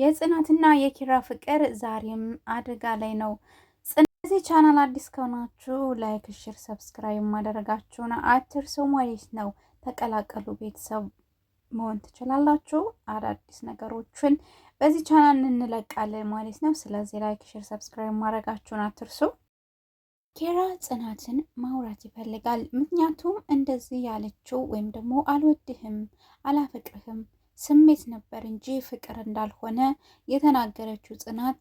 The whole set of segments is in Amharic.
የጽናትና የኪራ ፍቅር ዛሬም አደጋ ላይ ነው። ጽናዚህ ቻናል አዲስ ከሆናችሁ ላይክ፣ ሽር፣ ሰብስክራይብ ማድረጋችሁን አትርሱ ማለት ነው። ተቀላቀሉ ቤተሰብ መሆን ትችላላችሁ። አዳዲስ ነገሮችን በዚህ ቻናል እንለቃለን ማለት ነው። ስለዚህ ላይክ፣ ሽር፣ ሰብስክራይብ ማድረጋችሁን አትርሱ። ኪራ ጽናትን ማውራት ይፈልጋል። ምክንያቱም እንደዚህ ያለችው ወይም ደግሞ አልወድህም፣ አላፈቅርህም ስሜት ነበር እንጂ ፍቅር እንዳልሆነ የተናገረችው ጽናት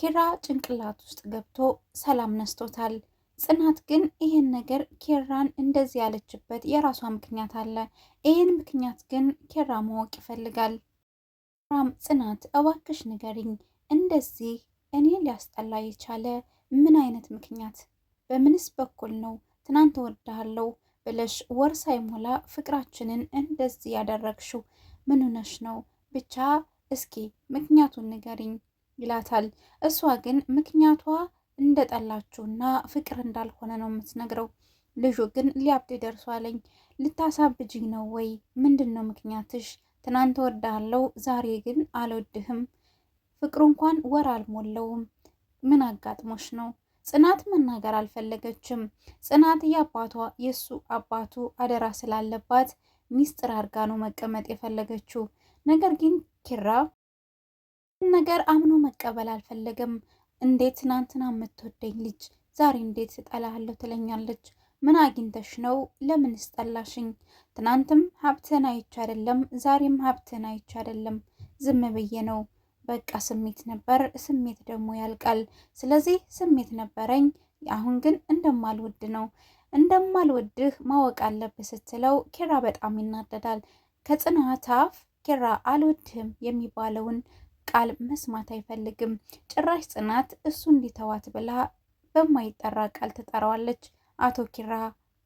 ኪራ ጭንቅላት ውስጥ ገብቶ ሰላም ነስቶታል። ጽናት ግን ይህን ነገር ኪራን እንደዚህ ያለችበት የራሷ ምክንያት አለ። ይህን ምክንያት ግን ኪራ ማወቅ ይፈልጋል። ራም ጽናት እባክሽ ንገሪኝ፣ እንደዚህ እኔ ሊያስጠላ የቻለ ምን አይነት ምክንያት፣ በምንስ በኩል ነው ትናንት እወድሃለሁ ብለሽ ወር ሳይሞላ ፍቅራችንን እንደዚህ ያደረግሽው? ምን ሆነሽ ነው? ብቻ እስኪ ምክንያቱን ንገሪኝ ይላታል። እሷ ግን ምክንያቷ እንደጠላችሁና ፍቅር እንዳልሆነ ነው የምትነግረው። ልጁ ግን ሊያብድ ደርሷለኝ። ልታሳብጅኝ ነው ወይ? ምንድን ነው ምክንያትሽ? ትናንት ወዳለው ዛሬ ግን አልወድህም። ፍቅሩ እንኳን ወር አልሞላውም። ምን አጋጥሞሽ ነው? ጽናት መናገር አልፈለገችም። ጽናት የአባቷ የእሱ አባቱ አደራ ስላለባት ሚስጥር አድርጋ ነው መቀመጥ የፈለገችው። ነገር ግን ኪራ ነገር አምኖ መቀበል አልፈለገም። እንዴት ትናንትና የምትወደኝ ልጅ ዛሬ እንዴት ስጠላሃለሁ ትለኛለች? ምን አግኝተሽ ነው? ለምን ስጠላሽኝ? ትናንትም ሀብትን አይቼ አይደለም፣ ዛሬም ሀብትን አይቼ አይደለም፣ ዝም ብዬ ነው። በቃ ስሜት ነበር፣ ስሜት ደግሞ ያልቃል። ስለዚህ ስሜት ነበረኝ። አሁን ግን እንደማልወድ ነው እንደማልወድህ ማወቅ አለብህ ስትለው ኪራ በጣም ይናደዳል። ከጽናት አፍ ኪራ አልወድህም የሚባለውን ቃል መስማት አይፈልግም። ጭራሽ ጽናት እሱ እንዲተዋት ብላ በማይጠራ ቃል ትጠራዋለች። አቶ ኪራ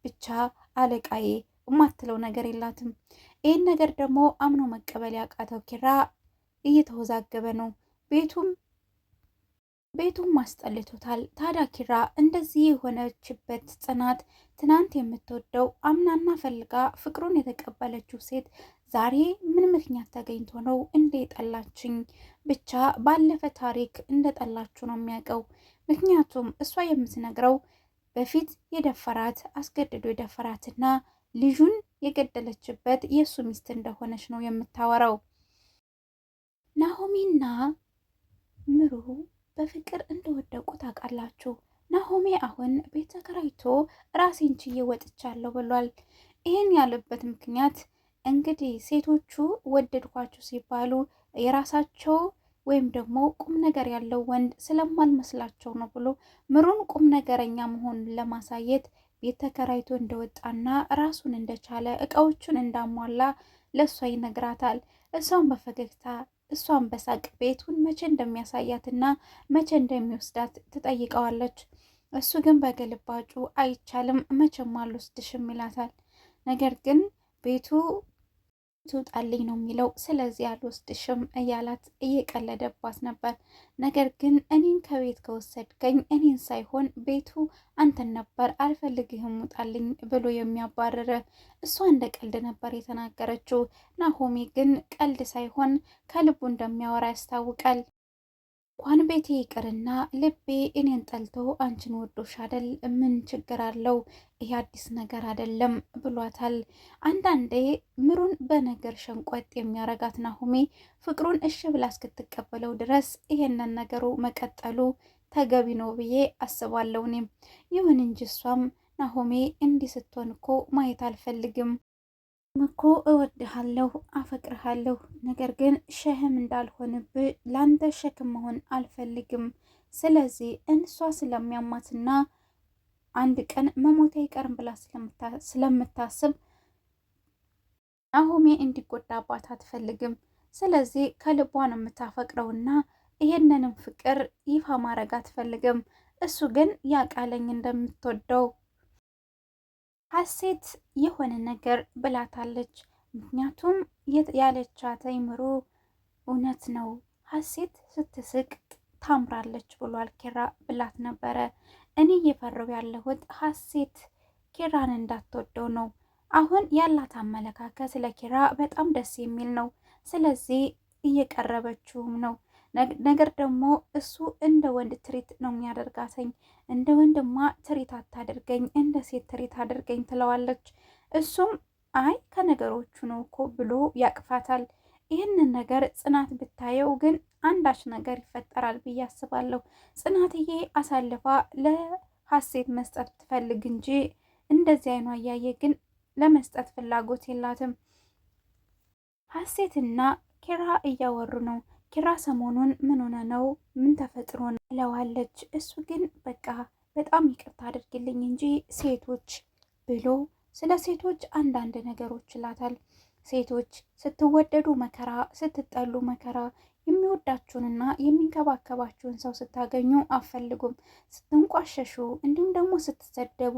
ብቻ አለቃዬ የማትለው ነገር የላትም። ይህን ነገር ደግሞ አምኖ መቀበል ያቃተው ኪራ እየተወዛገበ ነው። ቤቱም ቤቱም ማስጠልቶታል። ታዲያ ኪራ እንደዚህ የሆነችበት ጽናት ትናንት የምትወደው አምናና ፈልጋ ፍቅሩን የተቀበለችው ሴት ዛሬ ምን ምክንያት ተገኝቶ ነው እንደ የጠላችኝ? ብቻ ባለፈ ታሪክ እንደ ጠላችሁ ነው የሚያውቀው። ምክንያቱም እሷ የምትነግረው በፊት የደፈራት አስገድዶ የደፈራትና ልጁን የገደለችበት የእሱ ሚስት እንደሆነች ነው የምታወራው ናሆሚና ምሩ በፍቅር እንደወደቁ ታውቃላችሁ። ናሆሜ አሁን ቤት ተከራይቶ ራሴን ችዬ ወጥቻለሁ ብሏል። ይህን ያለበት ምክንያት እንግዲህ ሴቶቹ ወደድኳችሁ ሲባሉ የራሳቸው ወይም ደግሞ ቁም ነገር ያለው ወንድ ስለማልመስላቸው ነው ብሎ ምሩን ቁም ነገረኛ መሆኑን ለማሳየት ቤት ተከራይቶ እንደወጣና ራሱን እንደቻለ እቃዎቹን እንዳሟላ ለእሷ ይነግራታል። እሷን በፈገግታ እሷን በሳቅ ቤቱን መቼ እንደሚያሳያትና መቼ እንደሚወስዳት ትጠይቀዋለች። እሱ ግን በግልባጩ አይቻልም፣ መቼም አልወስድሽም ይላታል። ነገር ግን ቤቱ ትውጣልኝ ነው የሚለው። ስለዚህ አልወስድሽም እያላት እየቀለደባት ነበር። ነገር ግን እኔን ከቤት ከወሰድከኝ እኔን ሳይሆን ቤቱ አንተን ነበር፣ አልፈልግህም፣ ውጣልኝ ብሎ የሚያባረረ እሷ እንደ ቀልድ ነበር የተናገረችው። ናሆሜ ግን ቀልድ ሳይሆን ከልቡ እንደሚያወራ ያስታውቃል። እንኳን ቤቴ ይቅርና ልቤ እኔን ጠልቶ አንቺን ወዶሽ አደል? ምን ችግር አለው? ይህ አዲስ ነገር አደለም ብሏታል። አንዳንዴ ምሩን በነገር ሸንቆጥ የሚያረጋት ናሆሜ ፍቅሩን እሺ ብላ እስክትቀበለው ድረስ ይሄንን ነገሩ መቀጠሉ ተገቢ ነው ብዬ አስባለሁ እኔም። ይሁን እንጂ እሷም ናሆሜ እንዲህ ስትሆን እኮ ማየት አልፈልግም እኮ እወድሃለሁ፣ አፈቅርሃለሁ። ነገር ግን ሸህም እንዳልሆንብ ላንተ ሸክም መሆን አልፈልግም። ስለዚህ እንሷ ስለሚያማትና አንድ ቀን መሞቴ አይቀርም ብላ ስለምታስብ ናሆሜ እንዲጎዳባት አትፈልግም። ስለዚህ ከልቧ ነው የምታፈቅረውና ይሄንንም ፍቅር ይፋ ማድረግ አትፈልግም። እሱ ግን ያቃለኝ እንደምትወደው ሀሴት የሆነ ነገር ብላታለች። ምክንያቱም ያለቻት አይምሮ እውነት ነው፣ ሀሴት ስትስቅ ታምራለች ብሏል ኪራ ብላት ነበረ። እኔ እየፈረው ያለሁት ሀሴት ኪራን እንዳትወደው ነው። አሁን ያላት አመለካከት ለኪራ በጣም ደስ የሚል ነው። ስለዚህ እየቀረበችውም ነው ነገር ደግሞ እሱ እንደ ወንድ ትሪት ነው የሚያደርጋተኝ። እንደ ወንድማ ትሪት አታደርገኝ፣ እንደ ሴት ትሪት አድርገኝ ትለዋለች። እሱም አይ ከነገሮቹ ነው እኮ ብሎ ያቅፋታል። ይህንን ነገር ጽናት ብታየው ግን አንዳች ነገር ይፈጠራል ብዬ አስባለሁ። ጽናትዬ አሳልፋ ለሀሴት መስጠት ትፈልግ እንጂ እንደዚህ አይኗ እያየ ግን ለመስጠት ፍላጎት የላትም። ሀሴትና ኪራ እያወሩ ነው። ኪራ ሰሞኑን ምን ሆነ ነው ምን ተፈጥሮ ነው ትለዋለች። እሱ ግን በቃ በጣም ይቅርታ አድርግልኝ እንጂ ሴቶች ብሎ ስለ ሴቶች አንዳንድ ነገሮች ይላታል። ሴቶች ስትወደዱ መከራ፣ ስትጠሉ መከራ፣ የሚወዳችሁንና የሚንከባከባችሁን ሰው ስታገኙ አፈልጉም፣ ስትንቋሸሹ፣ እንዲሁም ደግሞ ስትሰደቡ፣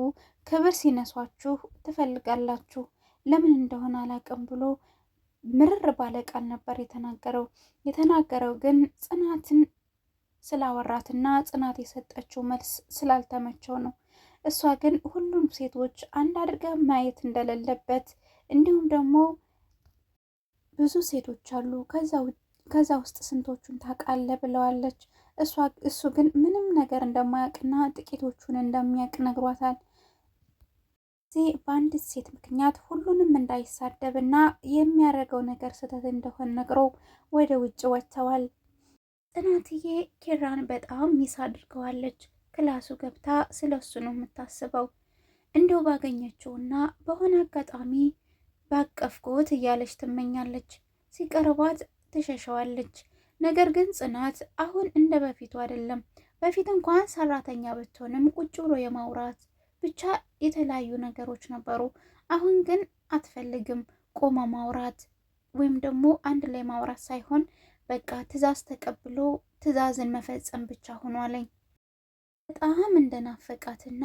ክብር ሲነሷችሁ ትፈልጋላችሁ። ለምን እንደሆነ አላውቅም ብሎ ምርር ባለ ቃል ነበር የተናገረው። የተናገረው ግን ጽናትን ስላወራትና ጽናት የሰጠችው መልስ ስላልተመቸው ነው። እሷ ግን ሁሉም ሴቶች አንድ አድርጋ ማየት እንደሌለበት እንዲሁም ደግሞ ብዙ ሴቶች አሉ ከዛ ውስጥ ስንቶቹን ታውቃለህ ብለዋለች። እሱ ግን ምንም ነገር እንደማያውቅና ጥቂቶቹን እንደሚያውቅ ነግሯታል። ስለዚህ በአንዲት ሴት ምክንያት ሁሉንም እንዳይሳደብና የሚያደርገው ነገር ስህተት እንደሆነ ነግሮ ወደ ውጭ ወጥተዋል። ጽናትዬ ኪራን በጣም ሚስ አድርገዋለች። ክላሱ ገብታ ስለ እሱ ነው የምታስበው። እንደው ባገኘችውና በሆነ አጋጣሚ ባቀፍኩት እያለች ትመኛለች። ሲቀርቧት ትሸሸዋለች። ነገር ግን ጽናት አሁን እንደ በፊቱ አይደለም። በፊት እንኳን ሰራተኛ ብትሆንም ቁጭ ብሎ የማውራት ብቻ የተለያዩ ነገሮች ነበሩ። አሁን ግን አትፈልግም ቆመ ማውራት ወይም ደግሞ አንድ ላይ ማውራት ሳይሆን በቃ ትዕዛዝ ተቀብሎ ትዕዛዝን መፈጸም ብቻ ሆኗለኝ። በጣም እንደናፈቃትና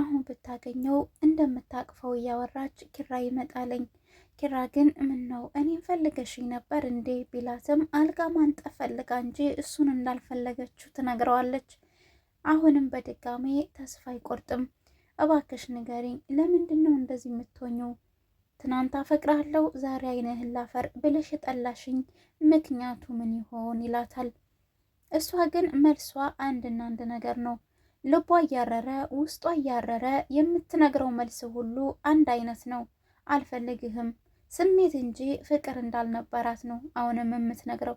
አሁን ብታገኘው እንደምታቅፈው እያወራች ኪራ ይመጣለኝ። ኪራ ግን ምን ነው እኔን ፈልገሽኝ ነበር እንዴ ቢላትም አልጋ ማንጠፍ ፈልጋ እንጂ እሱን እንዳልፈለገችው ትነግረዋለች። አሁንም በድጋሜ ተስፋ አይቆርጥም። እባክሽ ንገሪኝ፣ ለምንድን ነው እንደዚህ የምትሆኘው? ትናንት አፈቅርሃለሁ ዛሬ አይንህን ላፈር ብለሽ የጠላሽኝ ምክንያቱ ምን ይሆን ይላታል። እሷ ግን መልሷ አንድና አንድ ነገር ነው። ልቧ እያረረ ውስጧ እያረረ የምትነግረው መልስ ሁሉ አንድ አይነት ነው። አልፈልግህም ስሜት እንጂ ፍቅር እንዳልነበራት ነው አሁንም የምትነግረው።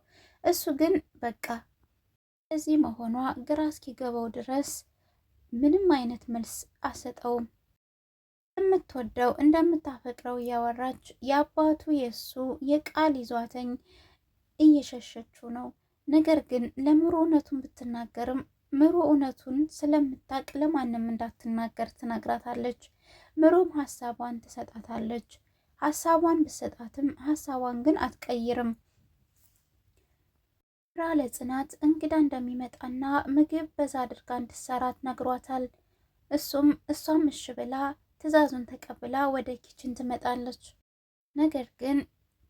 እሱ ግን በቃ እዚህ መሆኗ ግራ እስኪገባው ድረስ ምንም አይነት መልስ አሰጠውም። እንደምትወደው እንደምታፈቅረው እያወራች የአባቱ የእሱ የቃል ይዟተኝ እየሸሸችው ነው። ነገር ግን ለምሩ እውነቱን ብትናገርም ምሩ እውነቱን ስለምታቅ ለማንም እንዳትናገር ትነግራታለች። ምሩም ሀሳቧን ትሰጣታለች። ሀሳቧን ብትሰጣትም ሀሳቧን ግን አትቀይርም። ኪራ ለጽናት እንግዳ እንደሚመጣና ምግብ በዛ አድርጋ እንድሰራት ነግሯታል። እሱም እሷም እሽ ብላ ትዕዛዙን ተቀብላ ወደ ኪችን ትመጣለች። ነገር ግን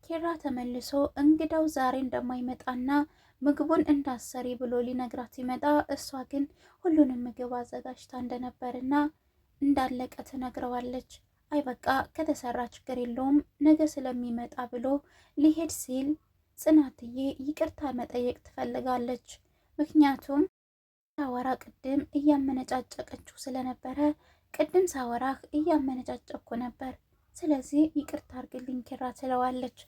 ኪራ ተመልሶ እንግዳው ዛሬ እንደማይመጣና ምግቡን እንዳሰሪ ብሎ ሊነግራት ሲመጣ እሷ ግን ሁሉንም ምግብ አዘጋጅታ እንደነበርና እንዳለቀ ትነግረዋለች። አይ በቃ ከተሰራ ችግር የለውም ነገ ስለሚመጣ ብሎ ሊሄድ ሲል ጽናትዬ ይቅርታ መጠየቅ ትፈልጋለች። ምክንያቱም ሳወራ ቅድም እያመነጫጨቀችው ስለነበረ ቅድም ሳወራህ እያመነጫጨኩ ነበር፣ ስለዚህ ይቅርታ አርግልኝ ኪራ ትለዋለች።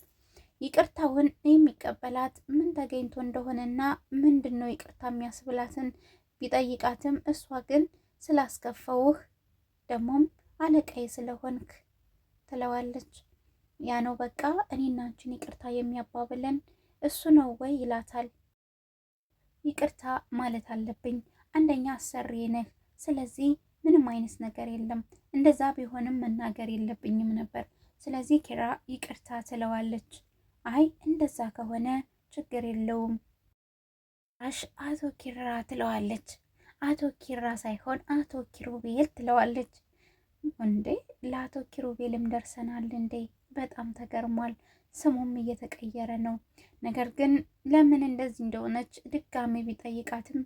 ይቅርታውን የሚቀበላት ምን ተገኝቶ እንደሆነና ምንድን ነው ይቅርታ የሚያስብላትን ቢጠይቃትም እሷ ግን ስላስከፈውህ ደግሞም አለቃዬ ስለሆንክ ትለዋለች። ያ ነው በቃ እኔና አንቺን ይቅርታ የሚያባብለን እሱ ነው ወይ ይላታል። ይቅርታ ማለት አለብኝ አንደኛ አሰሪ ነህ፣ ስለዚህ ምንም አይነት ነገር የለም። እንደዛ ቢሆንም መናገር የለብኝም ነበር። ስለዚህ ኪራ ይቅርታ ትለዋለች። አይ እንደዛ ከሆነ ችግር የለውም አሽ አቶ ኪራ ትለዋለች። አቶ ኪራ ሳይሆን አቶ ኪሩቤል ትለዋለች። እንዴ ለአቶ ኪሩቤልም ደርሰናል እንዴ? በጣም ተገርሟል። ስሙም እየተቀየረ ነው። ነገር ግን ለምን እንደዚህ እንደሆነች ድጋሚ ቢጠይቃትም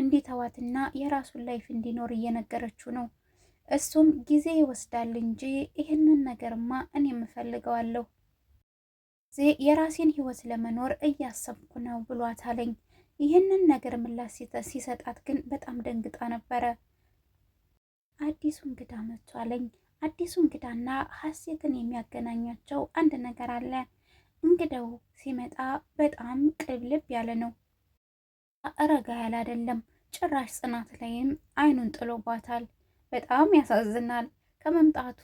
እንዲተዋትና የራሱን ላይፍ እንዲኖር እየነገረችው ነው። እሱም ጊዜ ይወስዳል እንጂ ይህንን ነገርማ እኔ የምፈልገዋለሁ የራሴን ህይወት ለመኖር እያሰብኩ ነው ብሏት አለኝ። ይህንን ነገር ምላሽ ሲሰጣት ግን በጣም ደንግጣ ነበረ። አዲሱ እንግዳ አለኝ። አዲሱ እንግዳና ሀሴትን የሚያገናኛቸው አንድ ነገር አለ። እንግዳው ሲመጣ በጣም ቅልብልብ ያለ ነው፣ ረጋ ያለ አይደለም። ጭራሽ ጽናት ላይም አይኑን ጥሎባታል። በጣም ያሳዝናል። ከመምጣቱ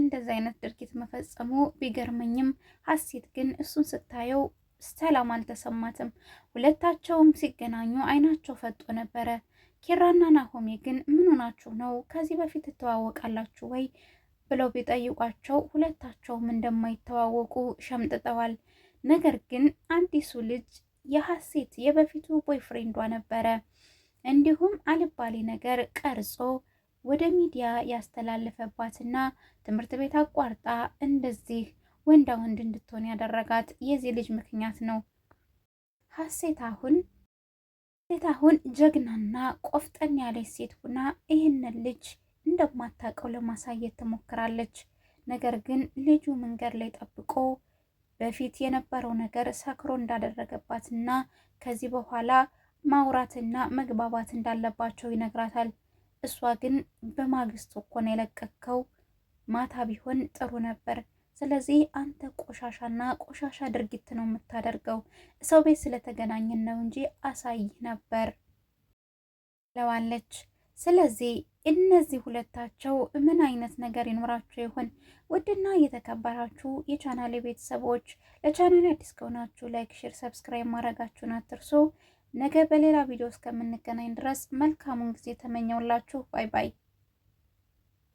እንደዚህ አይነት ድርጊት መፈጸሙ ቢገርመኝም ሀሴት ግን እሱን ስታየው ሰላም አልተሰማትም። ሁለታቸውም ሲገናኙ አይናቸው ፈጦ ነበረ። ኪራና ናሆሜ ግን ምን ሆናችሁ ነው? ከዚህ በፊት ትተዋወቃላችሁ ወይ ብለው ቢጠይቋቸው ሁለታቸውም እንደማይተዋወቁ ሸምጥጠዋል። ነገር ግን አዲሱ ልጅ የሐሴት የበፊቱ ቦይፍሬንዷ ነበረ። እንዲሁም አልባሌ ነገር ቀርጾ ወደ ሚዲያ ያስተላለፈባትና ትምህርት ቤት አቋርጣ እንደዚህ ወንዳ ወንድ እንድትሆን ያደረጋት የዚህ ልጅ ምክንያት ነው። ሐሴት አሁን ሴት አሁን ጀግናና ቆፍጠን ያለች ሴት ቡና ይህንን ልጅ እንደማታውቀው ለማሳየት ትሞክራለች። ነገር ግን ልጁ መንገድ ላይ ጠብቆ በፊት የነበረው ነገር ሰክሮ እንዳደረገባትና ከዚህ በኋላ ማውራትና መግባባት እንዳለባቸው ይነግራታል። እሷ ግን በማግስቱ እኮ ነው ማታ ቢሆን ጥሩ ነበር ስለዚህ አንተ ቆሻሻና ቆሻሻ ድርጊት ነው የምታደርገው። ሰው ቤት ስለተገናኘን ነው እንጂ አሳይ ነበር ለዋለች። ስለዚህ እነዚህ ሁለታቸው ምን አይነት ነገር ይኖራቸው ይሆን? ውድና የተከበራችሁ የቻናሌ ቤተሰቦች ለቻናሌ አዲስ ከሆናችሁ ላይክ፣ ሼር፣ ሰብስክራይብ ማድረጋችሁን አትርሱ። ነገ በሌላ ቪዲዮ እስከምንገናኝ ድረስ መልካሙን ጊዜ ተመኘውላችሁ። ባይ ባይ።